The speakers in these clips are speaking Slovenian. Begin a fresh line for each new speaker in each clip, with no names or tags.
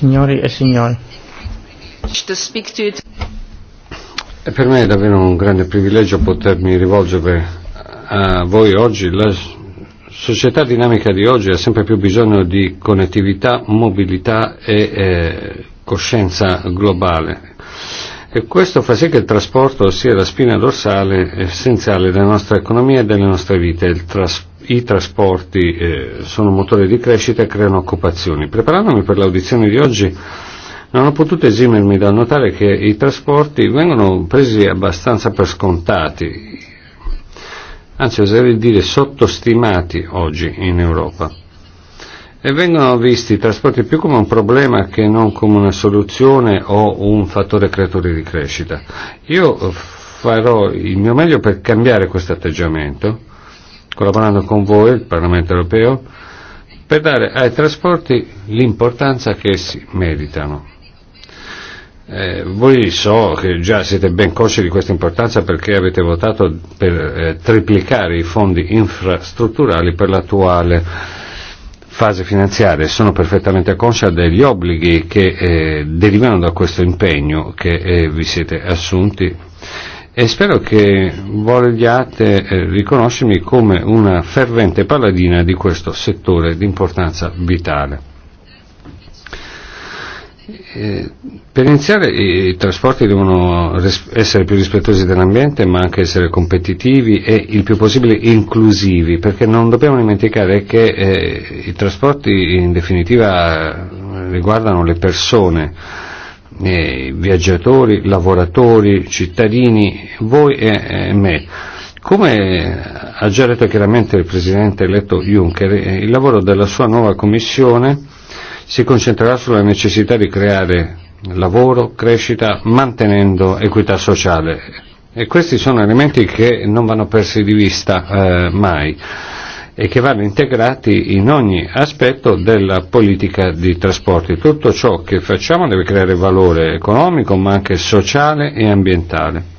signori e signori e per me è davvero un grande privilegio potermi rivolgere a voi oggi la società dinamica di oggi ha sempre più bisogno di connettività, mobilità e eh, coscienza globale e questo fa sì che il trasporto sia la spina dorsale essenziale della nostra economia e delle nostre vite. Il tras- I trasporti eh, sono motore di crescita e creano occupazioni. Preparandomi per l'audizione di oggi non ho potuto esimermi dal notare che i trasporti vengono presi abbastanza per scontati, anzi oserei dire sottostimati oggi in Europa. E vengono visti i trasporti più come un problema che non come una soluzione o un fattore creatore di crescita. Io farò il mio meglio per cambiare questo atteggiamento, collaborando con voi, il Parlamento europeo, per dare ai trasporti l'importanza che essi meritano. Eh, voi so che già siete ben cosci di questa importanza perché avete votato per eh, triplicare i fondi infrastrutturali per l'attuale eh, fase finanziaria e sono perfettamente conscia degli obblighi che eh, derivano da questo impegno che eh, vi siete assunti e spero che vogliate eh, riconoscermi come una fervente paladina di questo settore di importanza vitale. Eh, per iniziare i trasporti devono ris- essere più rispettosi dell'ambiente ma anche essere competitivi e il più possibile inclusivi perché non dobbiamo dimenticare che eh, i trasporti in definitiva riguardano le persone, eh, viaggiatori, lavoratori, cittadini, voi e, e me. Come ha già detto chiaramente il Presidente eletto Juncker, eh, il lavoro della sua nuova Commissione si concentrerà sulla necessità di creare lavoro, crescita, mantenendo equità sociale. E questi sono elementi che non vanno persi di vista eh, mai e che vanno integrati in ogni aspetto della politica di trasporti. Tutto ciò che facciamo deve creare valore economico ma anche sociale e ambientale.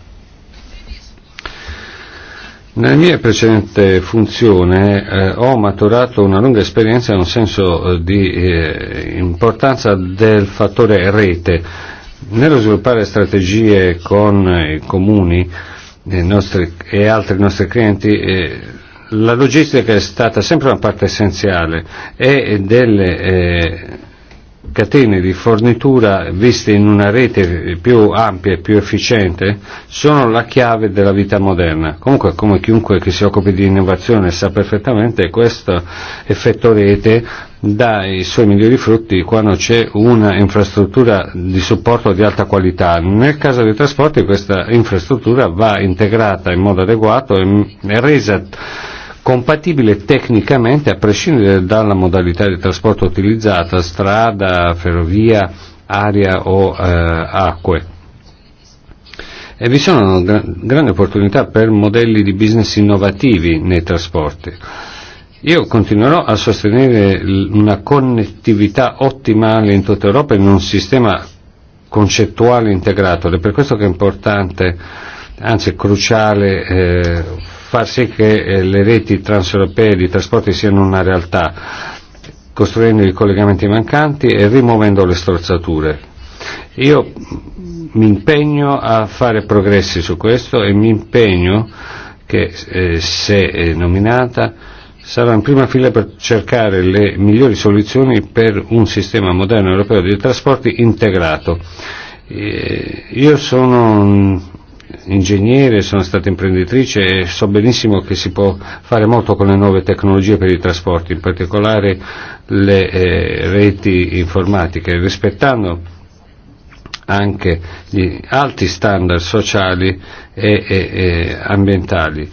Nella mia precedente funzione eh, ho maturato una lunga esperienza in un senso eh, di eh, importanza del fattore rete. Nello sviluppare strategie con i comuni i nostri, e altri nostri clienti, eh, la logistica è stata sempre una parte essenziale e delle eh, catene di fornitura viste in una rete più ampia e più efficiente sono la chiave della vita moderna. Comunque, come chiunque che si occupi di innovazione sa perfettamente, questo effetto rete dà i suoi migliori frutti quando c'è una infrastruttura di supporto di alta qualità. Nel caso dei trasporti questa infrastruttura va integrata in modo adeguato e, mm, e resa compatibile tecnicamente a prescindere dalla modalità di trasporto utilizzata, strada, ferrovia, aria o eh, acque. E vi sono gr- grandi opportunità per modelli di business innovativi nei trasporti. Io continuerò a sostenere l- una connettività ottimale in tutta Europa in un sistema concettuale integrato ed è per questo che è importante, anzi è cruciale, eh, far sì che eh, le reti transeuropee di trasporti siano una realtà, costruendo i collegamenti mancanti e rimuovendo le strozzature. Io mi impegno a fare progressi su questo e mi impegno che eh, se eh, nominata sarò in prima fila per cercare le migliori soluzioni per un sistema moderno europeo di trasporti integrato. Io sono ingegnere, sono stata imprenditrice e so benissimo che si può fare molto con le nuove tecnologie per i trasporti, in particolare le eh, reti informatiche, rispettando anche gli alti standard sociali e, e, e ambientali.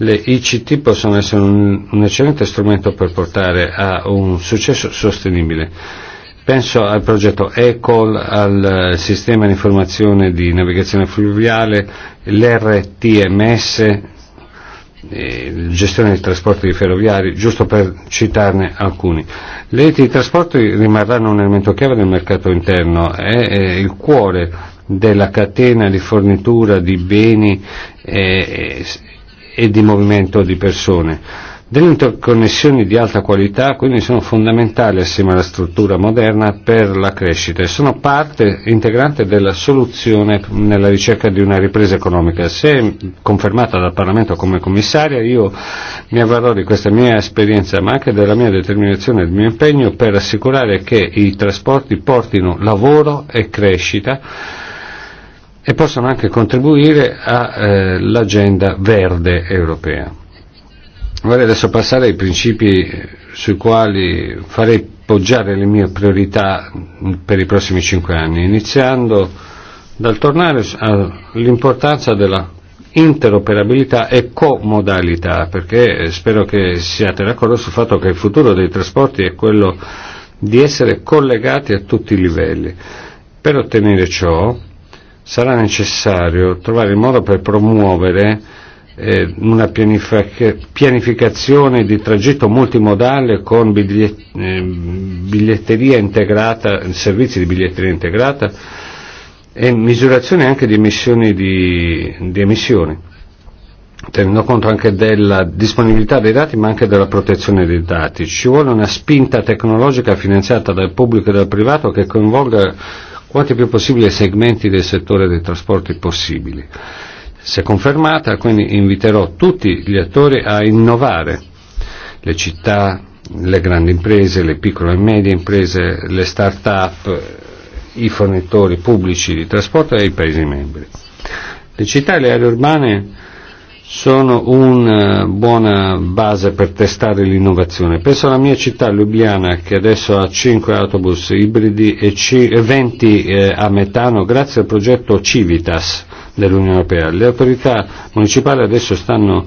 Le ICT possono essere un, un eccellente strumento per portare a un successo sostenibile penso al progetto ECOL, al eh, sistema di informazione di navigazione fluviale, l'RTMS, eh, gestione dei trasporti di ferroviari, giusto per citarne alcuni. Le reti di trasporto rimarranno un elemento chiave del mercato interno, è il cuore della catena di fornitura di beni eh, e di movimento di persone. Delle interconnessioni di alta qualità quindi sono fondamentali assieme alla struttura moderna per la crescita e sono parte integrante della soluzione nella ricerca di una ripresa economica. Se confermata dal Parlamento come commissaria io mi avvarrò di questa mia esperienza ma anche della mia determinazione e del mio impegno per assicurare che i trasporti portino lavoro e crescita e possano anche contribuire all'agenda eh, verde europea. Vorrei adesso passare ai principi sui quali farei poggiare le mie priorità per i prossimi cinque anni, iniziando dal tornare all'importanza della interoperabilità e comodalità, perché spero che siate d'accordo sul fatto che il futuro dei trasporti è quello di essere collegati a tutti i livelli. Per ottenere ciò sarà necessario trovare il modo per promuovere eh, una pianific- pianificazione di tragitto multimodale con bigliet- eh, biglietteria integrata, servizi di biglietteria integrata e misurazione anche di emissioni, di, di emissioni, tenendo conto anche della disponibilità dei dati ma anche della protezione dei dati. Ci vuole una spinta tecnologica finanziata dal pubblico e dal privato che coinvolga quanti più possibili segmenti del settore dei trasporti possibili se confermata, quindi inviterò tutti gli attori a innovare le città, le grandi imprese, le piccole e medie imprese, le start-up, i fornitori pubblici di trasporto e i paesi membri. Le città e le aree urbane sono una eh, buona base per testare l'innovazione. Penso alla mia città, Ljubljana, che adesso ha 5 autobus ibridi e 20 e eh, a metano grazie al progetto Civitas, dell'Unione Europea. Le autorità municipali adesso stanno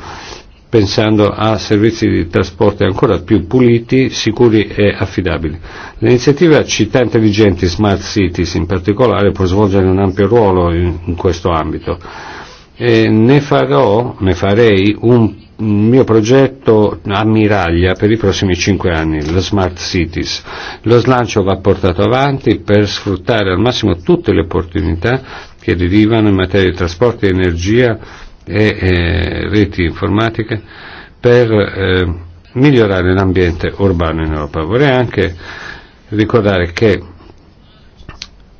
pensando a servizi di trasporto ancora più puliti, sicuri e affidabili. L'iniziativa Città Intelligenti Smart Cities in particolare può svolgere un ampio ruolo in, in questo ambito. E ne farò, ne farei un mio progetto ammiraglia per i prossimi 5 anni, lo Smart Cities. Lo slancio va portato avanti per sfruttare al massimo tutte le opportunità che derivano in materia di trasporti, energia e eh, reti informatiche per eh, migliorare l'ambiente urbano in Europa. Vorrei anche ricordare che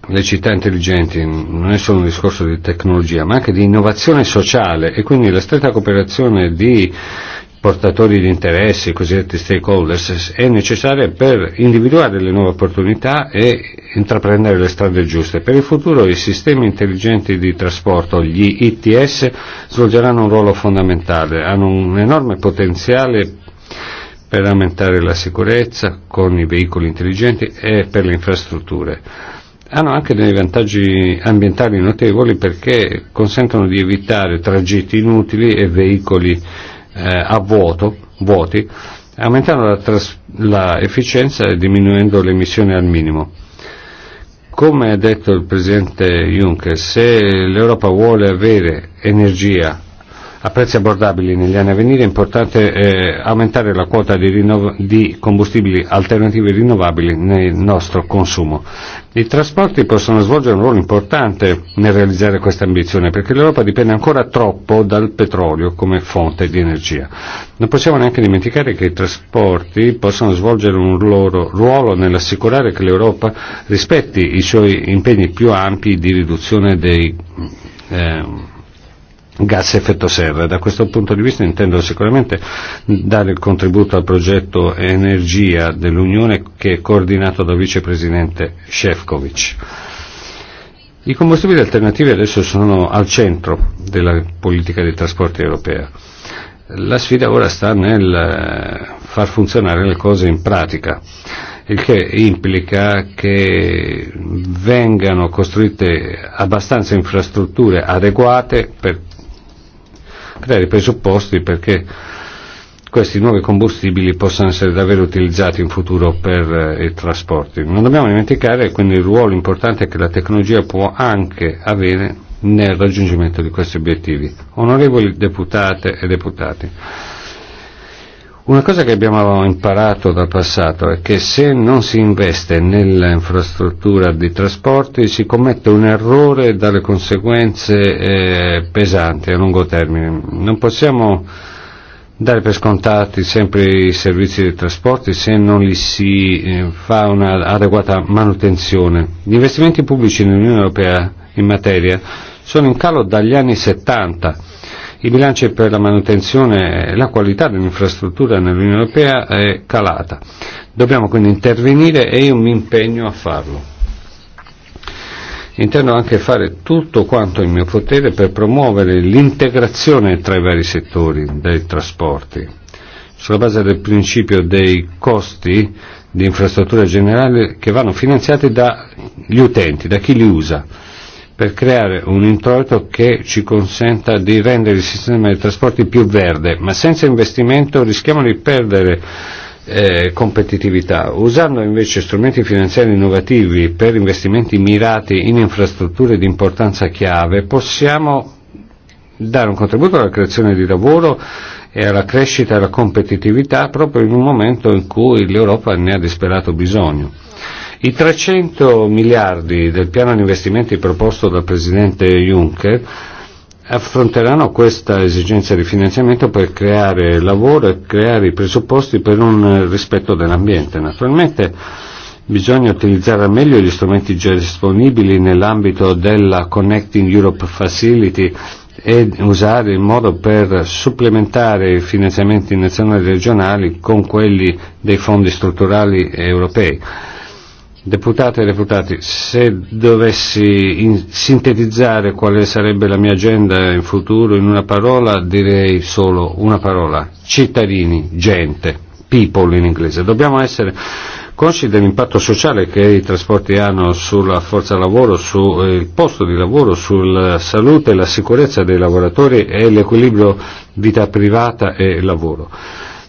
le città intelligenti non è solo un discorso di tecnologia ma anche di innovazione sociale e quindi la stretta cooperazione di portatori di interessi, i cosiddetti stakeholders, è necessaria per individuare le nuove opportunità e intraprendere le strade giuste. Per il futuro i sistemi intelligenti di trasporto, gli ITS, svolgeranno un ruolo fondamentale, hanno un enorme potenziale per aumentare la sicurezza con i veicoli intelligenti e per le infrastrutture. Hanno anche dei vantaggi ambientali notevoli perché consentono di evitare tragitti inutili e veicoli inutili eh, a vuoto, vuoti, aumentando la, tras- la efficienza e diminuendo le emissioni al minimo. Come ha detto il Presidente Juncker, se l'Europa vuole avere energia a prezzi abbordabili negli anni a venire è importante eh, aumentare la quota di, rinnov- di combustibili alternativi rinnovabili nel nostro consumo. I trasporti possono svolgere un ruolo importante nel realizzare questa ambizione perché l'Europa dipende ancora troppo dal petrolio come fonte di energia. Non possiamo neanche dimenticare che i trasporti possono svolgere un loro ruolo nell'assicurare che l'Europa rispetti i suoi impegni più ampi di riduzione dei. Eh, gas effetto serra. Da questo punto di vista intendo sicuramente dare il contributo al progetto Energia dell'Unione che è coordinato dal vicepresidente Shevkovic. I combustibili alternativi adesso sono al centro della politica dei trasporti europea. La sfida ora sta nel eh, far funzionare le cose in pratica, il che implica che vengano costruite abbastanza infrastrutture adeguate per creare i presupposti perché questi nuovi combustibili possano essere davvero utilizzati in futuro per eh, i trasporti. Non dobbiamo dimenticare quindi il ruolo importante che la tecnologia può anche avere nel raggiungimento di questi obiettivi. Onorevoli deputate e deputati, Una cosa che abbiamo imparato dal passato è che se non si investe nell'infrastruttura di trasporti si commette un errore dalle conseguenze eh, pesanti a lungo termine. Non possiamo dare per scontati sempre i servizi di trasporti se non li si eh, fa un'adeguata manutenzione. Gli investimenti pubblici nell'Unione Europea in materia sono in calo dagli anni 70 i bilanci per la manutenzione e la qualità dell'infrastruttura nell'Unione Europea è calata. Dobbiamo quindi intervenire e io mi impegno a farlo. Intendo anche fare tutto quanto in mio potere per promuovere l'integrazione tra i vari settori dei trasporti. Sulla base del principio dei costi di infrastruttura generale che vanno finanziati dagli utenti, da chi li usa per creare un introito che ci consenta di rendere il sistema dei trasporti più verde, ma senza investimento rischiamo di perdere eh, competitività. Usando invece strumenti finanziari innovativi per investimenti mirati in infrastrutture di importanza chiave possiamo dare un contributo alla creazione di lavoro e alla crescita e alla competitività proprio in un momento in cui l'Europa ne ha disperato bisogno. I 300 miliardi del piano di investimenti proposto dal Presidente Juncker affronteranno questa esigenza di finanziamento per creare lavoro e creare i presupposti per un rispetto dell'ambiente. Naturalmente bisogna utilizzare meglio gli strumenti già disponibili nell'ambito della Connecting Europe Facility e usare il modo per supplementare i finanziamenti nazionali e regionali con quelli dei fondi strutturali europei. Deputate e deputati, se dovessi in- sintetizzare quale sarebbe la mia agenda in futuro in una parola, direi solo una parola. Cittadini, gente, people in inglese. Dobbiamo essere consci dell'impatto sociale che i trasporti hanno sulla forza lavoro, sul eh, posto di lavoro, sulla salute, la sicurezza dei lavoratori e l'equilibrio vita privata e lavoro.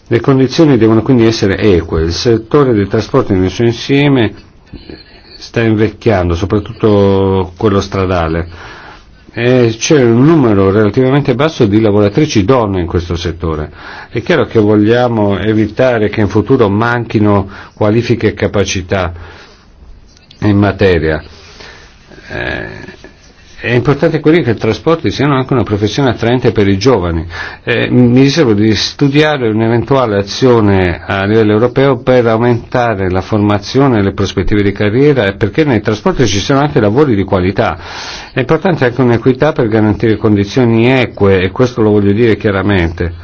Le condizioni devono quindi essere eque. Il settore dei trasporti nel suo insieme sta invecchiando, soprattutto quello stradale. E c'è un numero relativamente basso di lavoratrici donne in questo settore. È chiaro che vogliamo evitare che in futuro manchino qualifiche e capacità in materia. Eh, è importante quello che i trasporti siano anche una professione attraente per i giovani. Eh, mi dicevo di studiare un'eventuale azione a livello europeo per aumentare la formazione e le prospettive di carriera perché nei trasporti ci sono anche lavori di qualità. È importante anche un'equità per garantire condizioni eque e questo lo voglio dire chiaramente.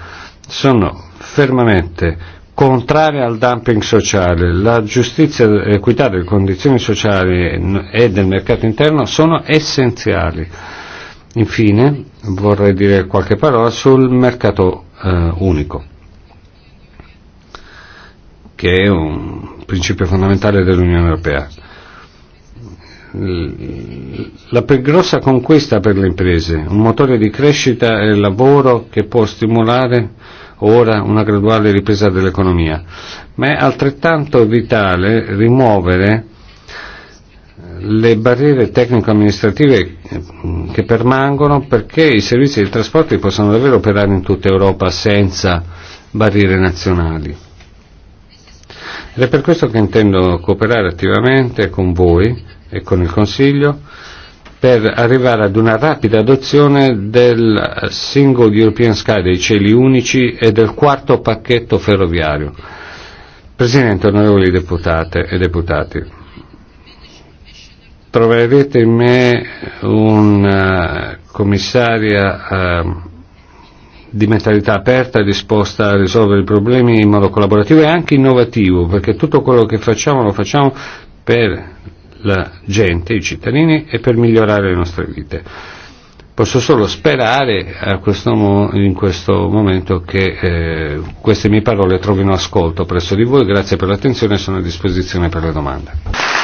Sono fermamente contraria al dumping sociale. La giustizia, l'equità delle condizioni sociali e del mercato interno sono essenziali. Infine vorrei dire qualche parola sul mercato eh, unico, che è un principio fondamentale dell'Unione Europea la più grossa conquista per le imprese, un motore di crescita e lavoro che può stimolare ora una graduale ripresa dell'economia, ma è altrettanto vitale rimuovere eh, le barriere tecnico-amministrative eh, che permangono perché i servizi di trasporti possano davvero operare in tutta Europa senza barriere nazionali. Ed è per questo che intendo cooperare attivamente con voi e con il Consiglio per arrivare ad una rapida adozione del Single European Sky, dei cieli unici e del quarto pacchetto ferroviario. Presidente, onorevoli deputate e deputati, troverete in me una eh, commissaria. Eh, di mentalità aperta, disposta a risolvere i problemi in modo collaborativo e anche innovativo, perché tutto quello che facciamo lo facciamo per la gente, i cittadini e per migliorare le nostre vite. Posso solo sperare a questo, in questo momento che eh, queste mie parole trovino ascolto presso di voi. Grazie per l'attenzione e sono a disposizione per le domande.